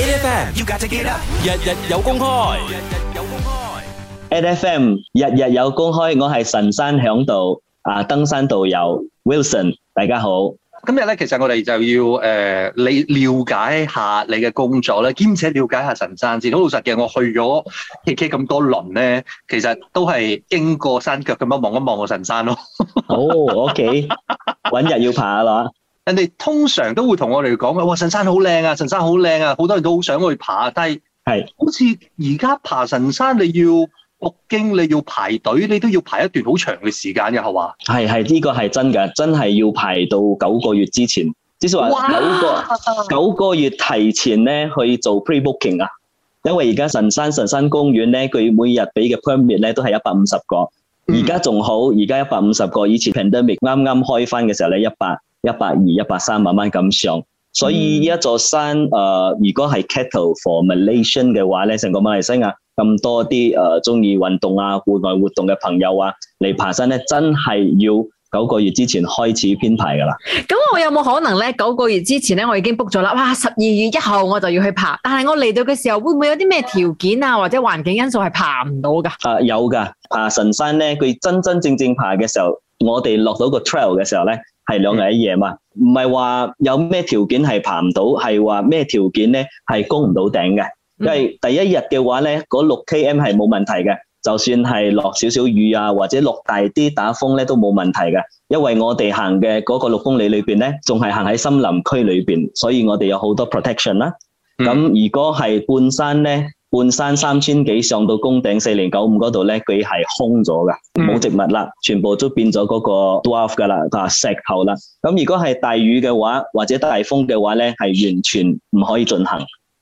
N F M 要架隻機啦，日日有公開。N F M 日日有公開，我係神山向導啊，登山導遊 Wilson，大家好。今日咧，其實我哋就要誒，你了解下你嘅工作咧，兼且了解下神山先。好老實嘅，我去咗 KK 咁多輪咧，其實都係經過山腳咁樣望一望個神山咯。好，OK，揾日要爬啦。人哋通常都會同我哋講嘅，哇！神山好靚啊，神山好靚啊，好多人都好想去爬，但係係是好似而家爬神山你要北京，你要排隊，你都要排一段好長嘅時間嘅，係嘛？係係呢個係真嘅，真係要排到九個月之前，至少話九個哇九個月提前咧去做 pre booking 啊，因為而家神山神山公園咧，佢每日俾嘅 permits 咧都係一百五十個，而家仲好，而家一百五十個，以前 pandemic 啱啱開返嘅時候咧一百。100, 一百二、一百三慢慢咁上，所以呢一座山，誒、嗯呃，如果係 Cattle for Malaysia 嘅話咧，成個馬來西亞咁多啲誒，中、呃、意運動啊、戶外活動嘅朋友啊，嚟爬山咧，真係要九個月之前開始編排噶啦。咁我有冇可能咧？九個月之前咧，我已經 book 咗啦。哇，十二月一號我就要去爬，但係我嚟到嘅時候，會唔會有啲咩條件啊，或者環境因素係爬唔到噶？有噶，爬神山咧，佢真真正正爬嘅時候，我哋落到個 trail 嘅時候咧。係兩日一夜嘛，唔係話有咩條件係爬唔到，係話咩條件咧係攻唔到頂嘅。因為第一日嘅話咧，嗰六 km 係冇問題嘅，就算係落少少雨啊，或者落大啲打風咧都冇問題嘅。因為我哋行嘅嗰個六公里裏邊咧，仲係行喺森林區裏邊，所以我哋有好多 protection 啦。咁如果係半山咧？半山三千幾，上到宮頂四零九五嗰度呢，佢係空咗㗎，冇植物啦，全部都變咗嗰個 dwarf 噶啦、石頭啦。咁如果係大雨嘅話，或者大風嘅話呢，係完全唔可以進行。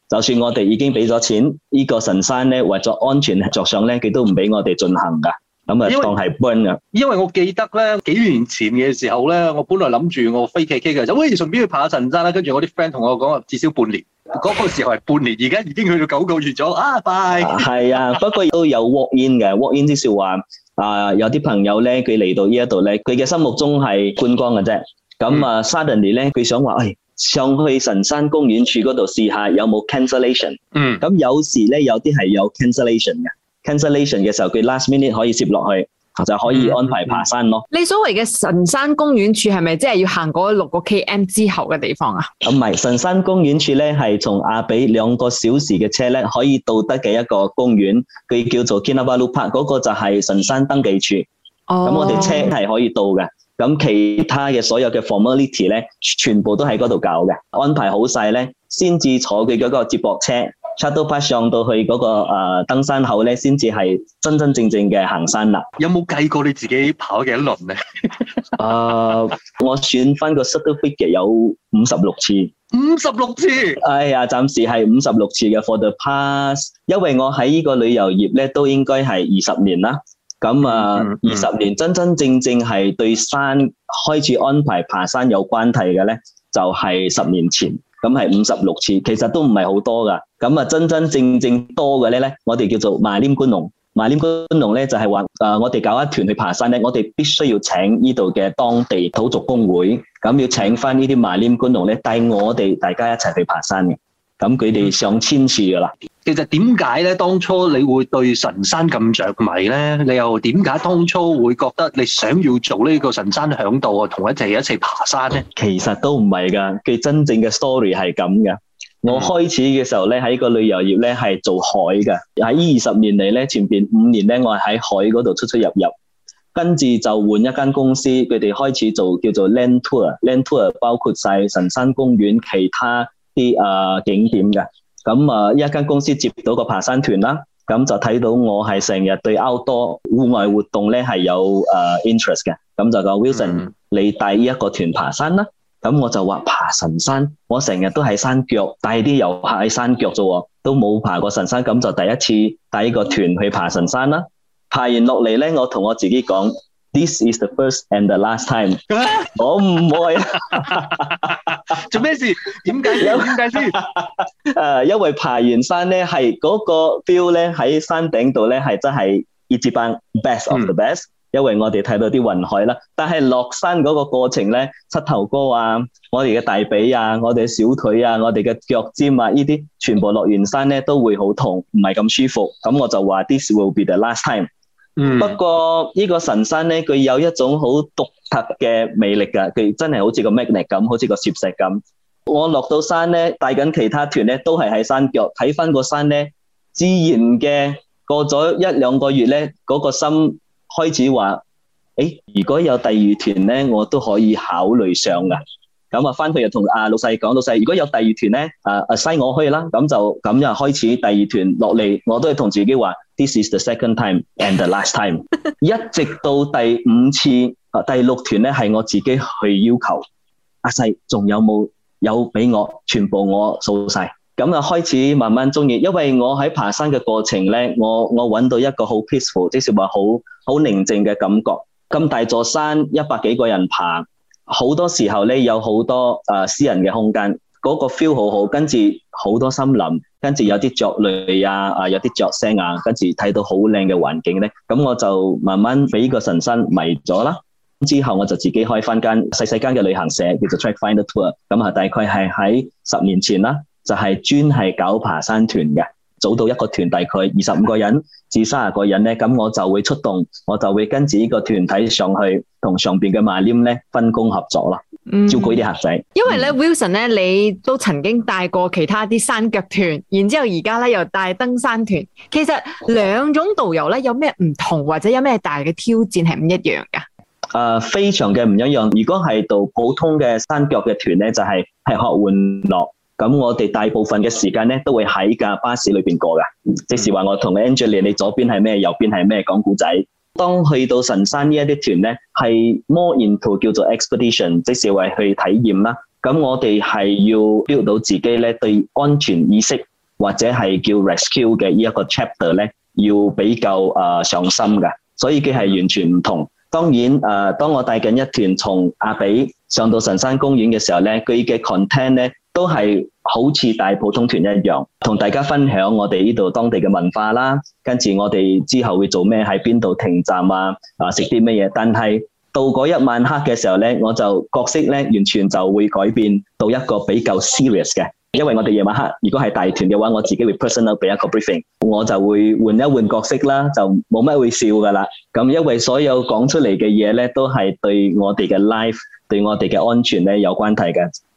就算我哋已經畀咗錢，呢、呢個神山呢，為咗安全着想呢，佢都唔畀我哋進行㗎。咁啊，當係 burn 啊！因為我記得咧，幾年前嘅時候咧，我本來諗住我飛 KK 嘅，就喂似順便去爬下神山啦。跟住我啲 friend 同我講話，至少半年。嗰、啊、個時候係半年，而家已經去到九個月咗。啊，bye！係啊，啊，不過都有 walk in 嘅 walk in，即係話啊，有啲朋友咧，佢嚟到呢一度咧，佢嘅心目中係觀光嘅啫。咁啊 suddenly 咧，佢想話，唉、哎，上去神山公園處嗰度試下有冇 cancellation。嗯。咁有時咧，有啲係有 cancellation 嘅。Cancellation 嘅時候，佢 last minute 可以接落去，嗯、就可以安排爬山咯。你所謂嘅神山公園處係咪即係要行嗰六個 km 之後嘅地方啊？唔係神山公園處咧，係從阿比兩個小時嘅車咧，可以到得嘅一個公園，佢叫做 Kinabalu Park，嗰個就係神山登記處。咁、oh、我哋車係可以到嘅。咁其他嘅所有嘅 formality 咧，全部都喺嗰度搞嘅，安排好晒咧，先至坐佢嗰個接駁車。Chadopass 上 ch 到去嗰、那個、呃、登山口咧，先至係真真正正嘅行山啦。有冇計過你自己跑幾多輪咧？啊、 uh,，我算翻個 Chadopass 有五十六次。五十六次！哎呀，暫時係五十六次嘅 for the pass，因為我喺呢個旅遊業咧都應該係二十年啦。咁啊，二十、mm hmm. 年真真正正係對山開始安排爬山有關係嘅咧，就係、是、十年前。Mm hmm. 咁係五十六次，其實都唔係好多噶。咁啊，真真正正多嘅咧咧，我哋叫做馬鈴觀農，馬鈴觀農咧就係話，誒，我哋搞一團去爬山咧，我哋必須要請呢度嘅當地土族公會，咁要請翻呢啲馬鈴觀農咧，帶我哋大家一齊去爬山嘅。咁佢哋上千次噶啦。其實點解咧，當初你會對神山咁着迷咧？你又點解當初會覺得你想要做呢個神山響度啊，同佢哋一齊爬山咧？其實都唔係噶，佢真正嘅 story 係咁噶。我開始嘅時候咧，喺個旅遊業咧係做海嘅。喺二十年嚟咧，前面五年咧，我係喺海嗰度出出入入，跟住就換一間公司，佢哋開始做叫做 land tour。land tour 包括晒神山公園其他。啲啊景點嘅，咁啊一間公司接到個爬山團啦，咁就睇到我係成日對 outdoor 戶外活動咧係有誒、uh, interest 嘅，咁就講、嗯、Wilson，你帶呢一個團爬山啦，咁我就話爬神山，我成日都喺山腳，帶啲遊客喺山腳啫，都冇爬過神山，咁就第一次帶呢個團去爬神山啦。爬完落嚟咧，我同我自己講，This is the first and the last time 我唔會 做咩事？點解？有點解先？誒， 因為爬完山咧，係嗰個 feel 咧喺山頂度咧，係真係一至班，mm. best of the best。因為我哋睇到啲雲海啦，但係落山嗰個過程咧，膝頭哥啊，我哋嘅大髀啊，我哋小腿啊，我哋嘅腳尖啊，呢啲全部落完山咧都會好痛，唔係咁舒服。咁我就話，this will be the last time。 不過呢、這個神山咧，佢有一種好獨特嘅魅力㗎，佢真係好似個 magnet 咁，好似個攝石咁。我落到山咧，帶緊其他團咧，都係喺山腳睇翻個山咧，自然嘅過咗一兩個月咧，嗰、那個心開始話，誒、欸，如果有第二團咧，我都可以考慮上㗎。咁啊，翻去又同阿老細講，老細如果有第二團咧，啊阿西我可以啦，咁就咁又開始第二團落嚟，我都係同自己話，this is the second time and the last time， 一直到第五次啊第六團咧係我自己去要求，阿西仲有冇有俾我全部我掃晒，咁啊開始慢慢中意，因為我喺爬山嘅過程咧，我我揾到一個好 peaceful，即是話好好寧靜嘅感覺，咁大座山一百幾個人爬。好多時候咧，有好多誒私人嘅空間，嗰個 feel 好好，跟住好多森林，跟住有啲雀類啊，啊有啲雀聲啊，跟住睇到好靚嘅環境咧，咁我就慢慢俾個神山迷咗啦。之後我就自己開翻間細細間嘅旅行社，叫做 Track Finder Tour，咁啊大概係喺十年前啦，就係專係搞爬山團嘅。組到一個團，大概二十五個人至卅個人咧，咁我就會出動，我就會跟住呢個團體上去，同上邊嘅 my team 咧分工合作啦，照顧啲客仔。因為咧、嗯、Wilson 咧，你都曾經帶過其他啲山腳團，然之後而家咧又帶登山團，其實兩種導遊咧有咩唔同，或者有咩大嘅挑戰係唔一樣噶？誒、呃，非常嘅唔一樣。如果係導普通嘅山腳嘅團咧，就係、是、係學玩樂。咁我哋大部分嘅時間咧，都會喺架巴士裏面過㗎。即使話我同 Angela，你左邊係咩，右邊係咩，講故仔。當去到神山呢一啲團咧，係 more into 叫做 expedition，即是話去體驗啦。咁我哋係要 build 到自己咧對安全意識，或者係叫 rescue 嘅呢一個 chapter 咧，要比較誒、呃、上心嘅。所以佢係完全唔同。當然誒、呃，當我帶緊一團從阿比上到神山公園嘅時候咧，佢嘅 content 咧。都係好似大普通團一樣，同大家分享我哋呢度當地嘅文化啦。跟住我哋之後會做咩，喺邊度停站啊？啊，食啲乜嘢？但係到嗰一晚黑嘅時候咧，我就角色咧完全就會改變到一個比較 serious 嘅，因為我哋夜晚黑如果係大團嘅話，我自己會 personal 俾一個 briefing，我就會換一換角色啦，就冇乜會笑噶啦。咁因為所有講出嚟嘅嘢咧，都係對我哋嘅 life，對我哋嘅安全咧有關係嘅。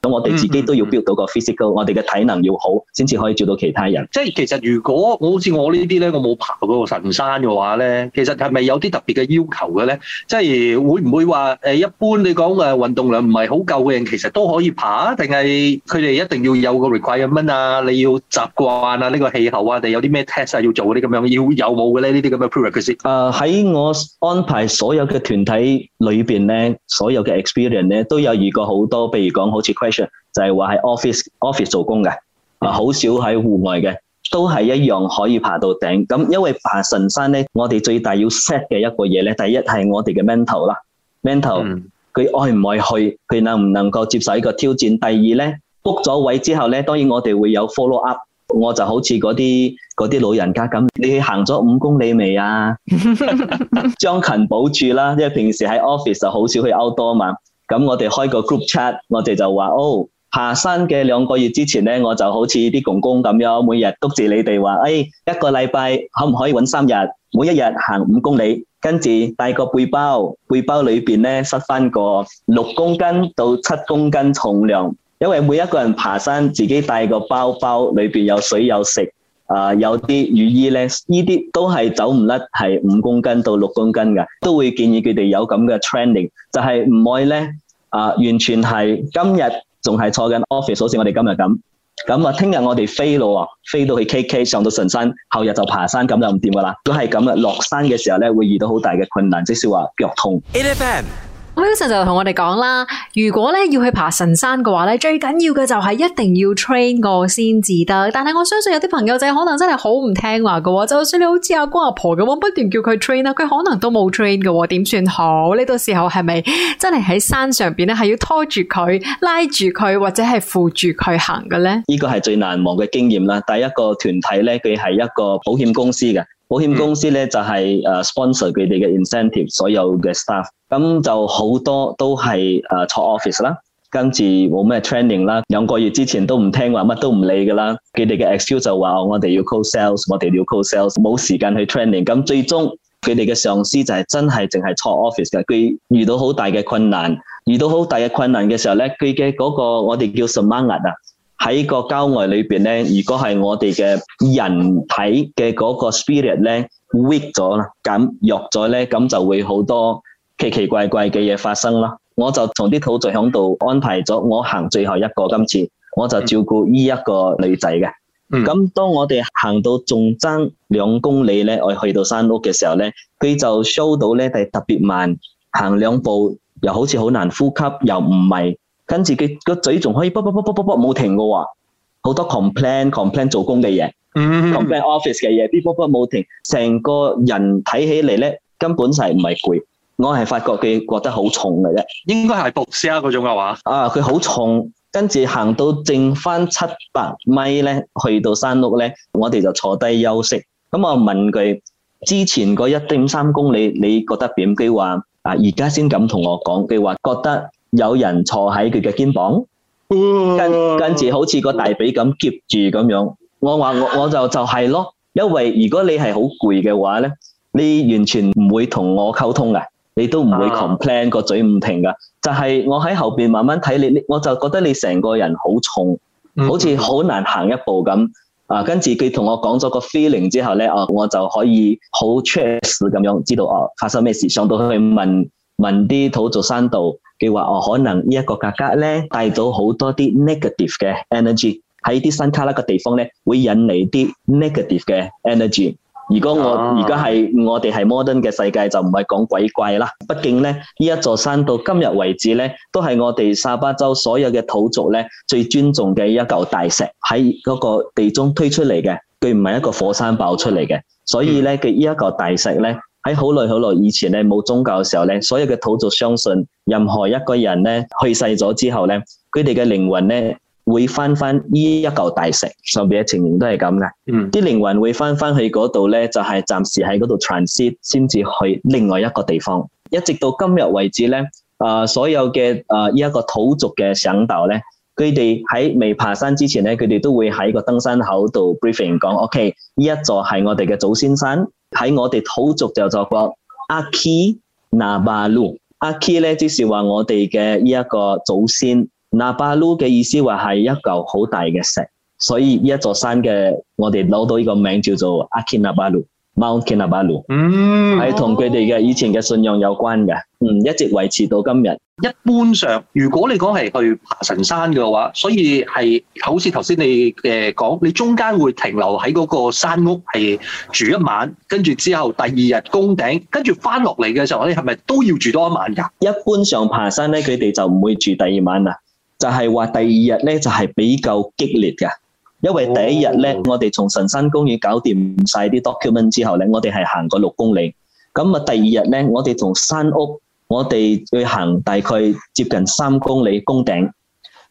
咁我哋自己都要 build 到個 physical，mm hmm. 我哋嘅體能要好，先至可以做到其他人。即係其實如果好似我呢啲咧，我冇爬過嗰神山嘅話咧，其實係咪有啲特別嘅要求嘅咧？即係會唔會話一般你講誒運動量唔係好夠嘅人，其實都可以爬？定係佢哋一定要有個 requirement 啊？你要習慣啊？呢個氣候啊？定有啲咩 test 啊？要做啲咁樣要有冇嘅咧？呢啲咁嘅 prerequisite 喺我安排所有嘅團體裏面咧，所有嘅 experience 咧都有遇過好多，譬如講好似，就係話喺 office office 做工嘅，啊好、mm hmm. 少喺戶外嘅，都係一樣可以爬到頂。咁因為爬神山咧，我哋最大要 set 嘅一個嘢咧，第一係我哋嘅 mental 啦，mental 佢、mm hmm. 愛唔愛去，佢能唔能夠接受一個挑戰。第二咧，book 咗位之後咧，當然我哋會有 follow up。我就好似嗰啲啲老人家咁，你去行咗五公里未啊？ 將勤保住啦，因為平時喺 office 就好少去 outdoor 嘛。咁我哋開個 group chat，我哋就話：哦，爬山嘅兩個月之前呢，我就好似啲公公咁樣，每日督住你哋話：哎，一個禮拜可唔可以揾三日，每一日行五公里，跟住帶個背包，背包裏面呢，塞返個六公斤到七公斤重量，因為每一個人爬山自己帶個包包，裏面有水有食，啊、呃，有啲雨衣咧，呢啲都係走唔甩，係五公斤到六公斤嘅，都會建議佢哋有咁嘅 training，就係唔可以咧，啊、呃，完全係今日仲係坐緊 office，好似我哋今日咁，咁啊，聽日我哋飛咯，飛到去 KK，上到神山，後日就爬山，咁就唔掂噶啦，如果係咁啦，落山嘅時候咧，會遇到好大嘅困難，即使話腳痛。w i l 就同我哋講啦，如果咧要去爬神山嘅話咧，最緊要嘅就係一定要 train 我先至得。但係我相信有啲朋友就可能真係好唔聽話嘅，就算你好似阿公阿婆咁，不斷叫佢 train 佢可能都冇 train 嘅，點算好？呢、這個時候係咪真係喺山上邊咧，係要拖住佢、拉住佢或者係扶住佢行嘅咧？呢個係最難忘嘅經驗啦。第一個團體咧，佢係一個保險公司嘅。保險公司咧就係、是、誒 sponsor 佢哋嘅 incentive，所有嘅 staff 咁就好多都係誒坐 office 啦，跟住冇咩 training 啦，兩個月之前都唔聽話，乜都唔理噶啦。佢哋嘅 excuse 就話我哋要 call sales，我哋要 call sales，冇時間去 training。咁最終佢哋嘅上司就係真係淨係坐 office 嘅。佢遇到好大嘅困難，遇到好大嘅困難嘅時候咧，佢嘅嗰個我哋叫 stamina 啊？嗱？喺個郊外裏面咧，如果係我哋嘅人體嘅嗰個 spirit 咧 weak 咗啦，咁弱咗咧，咁就會好多奇奇怪怪嘅嘢發生啦。我就從啲土著響度安排咗，我行最後一個今次，我就照顧呢一個女仔嘅。咁、嗯、當我哋行到仲爭兩公里咧，我去到山屋嘅時候咧，佢就 show 到咧係特別慢，行兩步又好似好難呼吸，又唔係。跟住佢個嘴仲可以啵啵啵啵啵啵冇停嘅喎，好多 complain complain 做工嘅嘢，complain office 嘅嘢，啲啵啵冇停，成個人睇起嚟咧根本就係唔係攰，我係發覺佢覺得好重嘅啫。應該係步斯拉嗰種嘅話啊，佢好重，跟住行到剩翻七百米咧，去到山屋咧，我哋就坐低休息。咁我問佢之前嗰一點三公里，你覺得點？佢話啊，而家先咁同我講，佢話覺得。有人坐喺佢嘅肩膀，嗯、跟跟住好似個大髀咁夾住咁樣。我話我我就就係咯，因為如果你係好攰嘅話咧，你完全唔會同我溝通嘅，你都唔會 complain 個、啊、嘴唔停噶。就係、係、我喺後邊慢慢睇你，我就覺得你成個人好重，好似好難行一步咁。啊，跟住佢同我講咗個 feeling 之後咧，哦、啊，我就可以好 trust 咁樣知道哦、啊、發生咩事，上到去問。問啲土族山度，佢話我可能呢一個價格咧帶到好多啲 negative 嘅 energy，喺啲山卡拉嘅地方咧會引嚟啲 negative 嘅 energy。如果我而家係我哋係 modern 嘅世界，就唔係講鬼怪啦。畢竟咧，呢一座山到今日為止咧，都係我哋沙巴州所有嘅土族咧最尊重嘅一嚿大石，喺嗰個地中推出嚟嘅，佢唔係一個火山爆出嚟嘅，所以咧嘅呢一嚿、嗯、大石咧。喺好耐好耐以前咧，冇宗教嘅時候咧，所有嘅土族相信任何一個人咧去世咗之後咧，佢哋嘅靈魂咧會翻翻依一嚿大石上邊嘅情形都係咁嘅，嗯、啲靈魂會翻翻去嗰度咧，就係、是、暫時喺嗰度 transit，先至去另外一個地方。一直到今日為止咧，誒，所有嘅誒依一個土族嘅想道咧。佢哋喺未爬山之前咧，佢哋都會喺個登山口度 briefing 講：OK，呢一座係我哋嘅祖先山，喺我哋土族就作過阿基納巴魯。阿基咧，即是話我哋嘅呢一個祖先，納巴魯嘅意思話係一嚿好大嘅石，所以呢一座山嘅我哋攞到呢個名叫做阿基納巴魯。Mount Kinabalu，係同佢哋嘅以前嘅信仰有關嘅，嗯，一直維持到今日。一般上，如果你講係去爬神山嘅話，所以係好似頭先你嘅講，你中間會停留喺嗰個山屋係住一晚，跟住之後第二日攻頂，跟住翻落嚟嘅時候，你係咪都要住多一晚呀？一般上爬山咧，佢哋就唔會住第二晚啦，就係話第二日咧就係比較激烈嘅。因為第一日咧，我哋從神山公園搞掂晒啲 document 之後咧，我哋係行過六公里。咁啊，第二日咧，我哋從山屋，我哋去行大概接近三公里攻頂。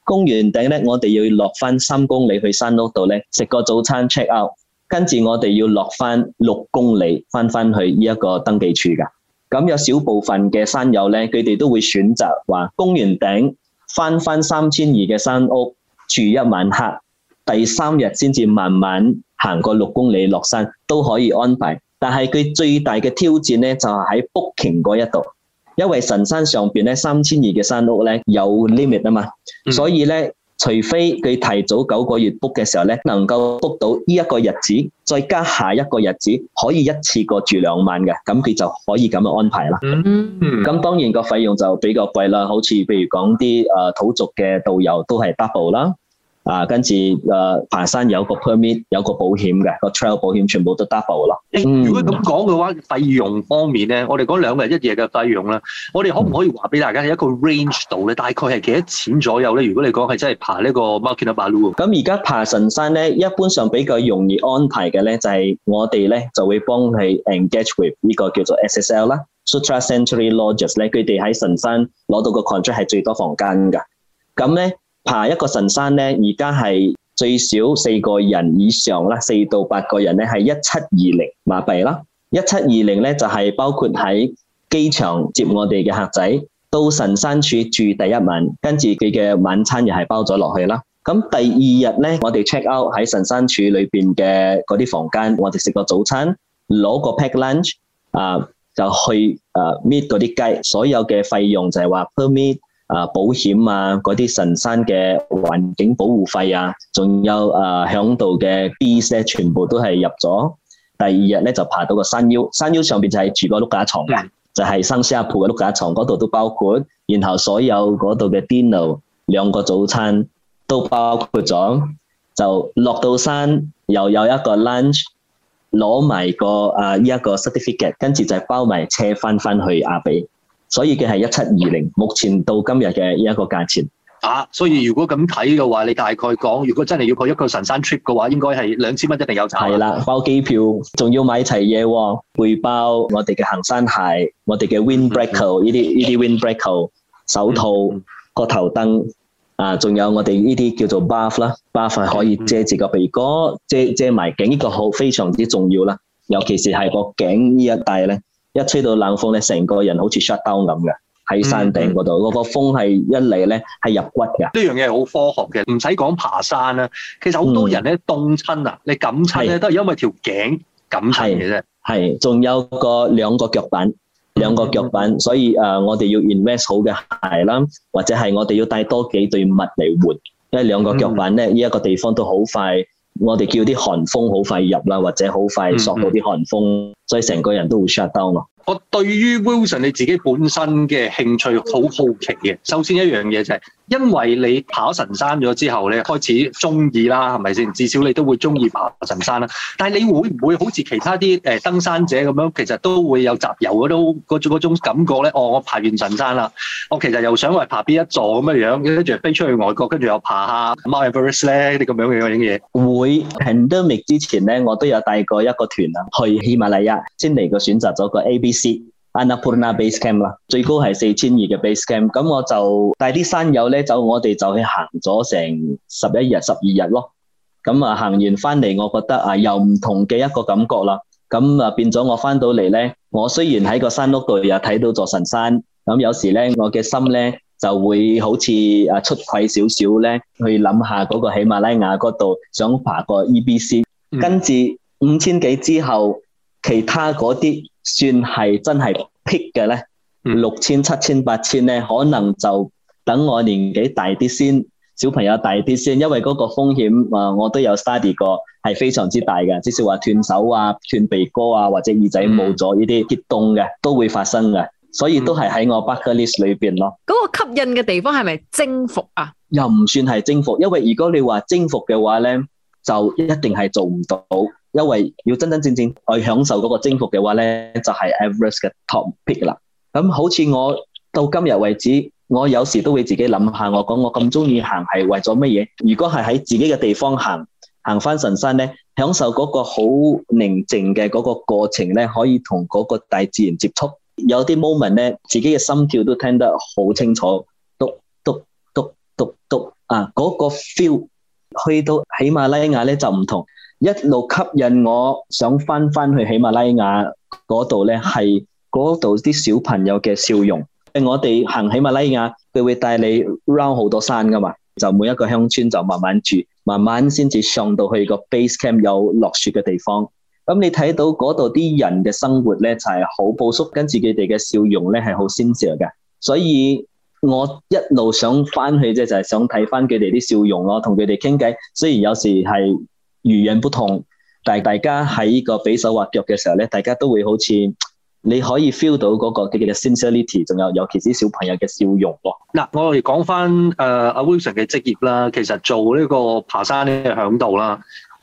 攻完頂咧，我哋要落翻三公里去山屋度咧，食個早餐 check out，跟住我哋要落翻六公里，翻翻去呢一個登記處噶。咁有少部分嘅山友咧，佢哋都會選擇話攻完頂翻翻三千二嘅山屋住一晚黑。第三日先至慢慢行過六公里落山都可以安排，但係佢最大嘅挑戰咧就係喺 book 緊嗰一度，因為神山上邊咧三千二嘅山屋咧有 limit 啊嘛，所以咧除非佢提早九個月 book 嘅時候咧能夠 book 到呢一個日子，再加下一個日子可以一次過住兩晚嘅，咁佢就可以咁樣安排啦。咁當然個費用就比較貴，啊，啦，好似譬如講啲誒土族嘅導遊都係 double 啦。啊，跟住誒、啊，爬山有個 permit，有個保險嘅個 travel 保險，全部都 double 咯。嗯、如果咁講嘅話，費用方面咧，我哋講兩個人一夜嘅費用啦，我哋可唔可以話俾大家一個 range 度咧？大概係幾多錢左右咧？如果你講係真係爬呢個 Mount Kinabalu 咁而家、嗯、爬神山咧，一般上比較容易安排嘅咧，就係、是、我哋咧就會幫佢 engage with 呢個叫做 SSL 啦，Sutra Century Lodges 咧，佢哋喺神山攞到個 contract 係最多房間噶，咁咧。爬一個神山咧，而家係最少四個人以上啦，四到八個人咧係一七二零馬幣啦。一七二零咧就係、是、包括喺機場接我哋嘅客仔，到神山處住第一晚，跟住佢嘅晚餐又係包咗落去啦。咁第二日咧，我哋 check out 喺神山處裏面嘅嗰啲房間，我哋食個早餐，攞個 pack lunch 啊，就去誒 meet 嗰啲雞，所有嘅費用就係話 permit 啊，保險啊，嗰啲神山嘅環境保護費啊，仲有啊，響度嘅 B 室全部都係入咗。第二日咧就爬到個山腰，山腰上邊就係住個碌架床，Yeah. 就係三四十鋪嘅碌架床嗰度都包括。然後所有嗰度嘅 dinner 兩個早餐都包括咗。就落到山又有一個 lunch，攞埋個啊呢一個，啊，個 certificate，跟住就係包埋車翻翻去亞庇。所以嘅係一七二零，目前到今日嘅呢一個價錢。啊，所以如果咁睇嘅話，你大概講，如果真係要過一個神山 trip 嘅話，應該係兩千蚊一定有賺。係啦，包機票，仲要買齊嘢喎，背包、我哋嘅行山鞋、我哋嘅 windbreaker 呢啲呢啲、嗯嗯、windbreaker 手套、嗯嗯、個頭燈啊，仲有我哋呢啲叫做 buff 啦，buff 可以遮住個鼻哥，遮遮埋頸呢個好，非常之重要啦。尤其是係個頸呢一帶咧。一吹到冷風咧，成個人好似 shut down 咁嘅，喺山頂嗰度，嗰、嗯、個風係一嚟咧係入骨㗎、嗯。呢樣嘢好科學嘅，唔使講爬山啦、啊。其實好多人咧、嗯、凍親啊，你感親，咧是都係因為條頸感親嘅啫。係，仲有個兩個腳板，兩個腳板，嗯、所以誒，uh, 我哋要 invest 好嘅鞋啦，或者係我哋要帶多幾對襪嚟換，因為兩個腳板咧，呢一、嗯、個地方都好快。我哋叫啲寒風好快入喇，或者好快索到啲寒風，所以成個人都會 shutdown 嘅。我對於 Wilson 你自己本身嘅興趣好好奇嘅。首先一樣嘢就係，因為你爬神山咗之後咧，你開始中意啦，係咪先？至少你都會中意爬神山啦。但係你會唔會好似其他啲誒登山者咁樣，其實都會有集郵嗰種感覺咧？哦，我爬完神山啦，我其實又想話爬邊一座咁嘅樣，跟住飛出去外國，跟住又爬下 Mount Everest 咧，啲咁樣嘅嘢。會。pandemic 之前咧，我都有帶過一個團啦，去喜馬拉雅，先嚟個選擇咗個 ABC。阿 base camp 啦，最高係四千二嘅 base camp，咁我就帶啲山友咧，走，我哋就去行咗成十一日、十二日咯。咁啊行完翻嚟，我覺得啊又唔同嘅一個感覺啦。咁啊變咗我翻到嚟咧，我雖然喺個山屋度又睇到座神山，咁有時咧我嘅心咧就會好似啊出軌少少咧，去諗下嗰個喜馬拉雅嗰度想爬個 EBC，嗯、跟住五千幾之後，其他嗰啲。算係真係僻嘅咧，六千、七千、八千咧，可能就等我年紀大啲先，小朋友大啲先，因為嗰個風險啊，我都有 study 過，係非常之大嘅，即使話斷手啊、斷鼻哥啊或者耳仔冇咗呢啲跌凍嘅都會發生嘅，所以都係喺我 bucket list 裏邊咯。嗰個吸引嘅地方係咪征服啊？又唔算係征服，因為如果你話征服嘅話咧，就一定係做唔到。因為要真真正正去享受嗰個征服嘅話咧，就係 Everest 嘅 topic 啦。咁好似我到今日為止，我有時都會自己諗下，我講我咁中意行係為咗乜嘢？如果係喺自己嘅地方行，行翻神山咧，享受嗰個好寧靜嘅嗰個過程咧，可以同嗰個大自然接觸。有啲 moment 咧，自己嘅心跳都聽得好清楚，篤篤篤篤篤啊！嗰個 feel 去到喜馬拉雅咧就唔同。一路吸引我，想翻翻去喜馬拉雅嗰度咧，係嗰度啲小朋友嘅笑容。我哋行喜馬拉雅，佢會帶你 round 好多山噶嘛，就每一個鄉村就慢慢住，慢慢先至上到去個 base camp 有落雪嘅地方。咁你睇到嗰度啲人嘅生活咧，就係好樸素，跟住佢哋嘅笑容咧，係好鮮笑嘅。所以我一路想翻去，即就係是想睇翻佢哋啲笑容咯，同佢哋傾偈。雖然有時係。語言不同，但係大家喺呢個比手劃腳嘅時候咧，大家都會好似你可以 feel 到嗰個即係叫 sincerity，仲有尤其是小朋友嘅笑容。嗱，我哋講翻誒，阿 Wilson 嘅職業啦，其實做呢個爬山咧喺度啦，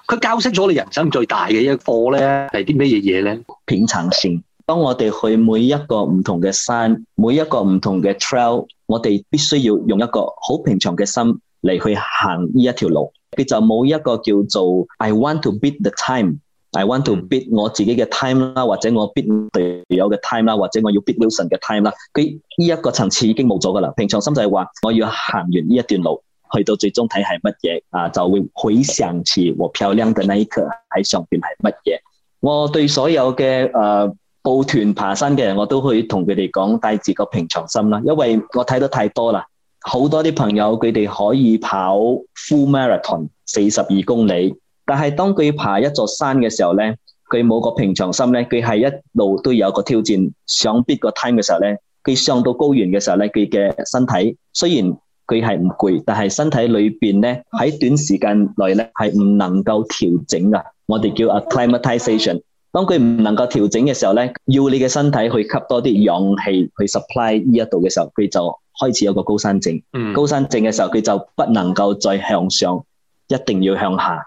佢教識咗你人生最大嘅一課咧，係啲乜嘢嘢咧？呢片層線，當我哋去每一個唔同嘅山，每一個唔同嘅 trail，我哋必須要用一個好平常嘅心嚟去行呢一條路。佢就冇一個叫做 I want to beat the time，I want to beat 我自己嘅 time 啦，或者我 beat 隊友嘅 time 啦，或者我要 beat Wilson 嘅 time 啦。佢呢一個層次已經冇咗噶啦。平常心就係話，我要行完呢一段路，去到最終睇係乜嘢啊，就會許上次和漂亮嘅嗰一刻喺上邊係乜嘢。我對所有嘅誒報團爬山嘅人，我都去同佢哋講帶住個平常心啦，因為我睇得太多啦。好多啲朋友佢哋可以跑 full marathon 四十二公里，但係當佢爬一座山嘅時候咧，佢冇個平常心咧，佢係一路都有個挑戰上 big time 嘅時候咧，佢上到高原嘅時候咧，佢嘅身體雖然佢係唔攰，但係身體裏邊咧喺短時間內咧係唔能夠調整啊，我哋叫 acclimatization。當佢唔能夠調整嘅時候咧，要你嘅身體去吸多啲氧氣去 supply 呢一度嘅時候，佢就。開始有個高山症，高山症嘅時候佢就不能夠再向上，一定要向下。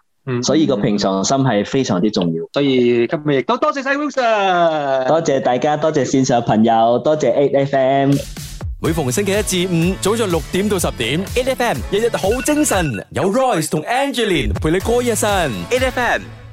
所以個平常心係非常之重要。所以今日亦都多謝晒 Wilson，多謝大家，多謝線上朋友，多謝 Eight FM。每逢星期一至五早上六點到十點，Eight FM 日日好精神，有 Royce 同 Angelin 陪你過一生，Eight FM。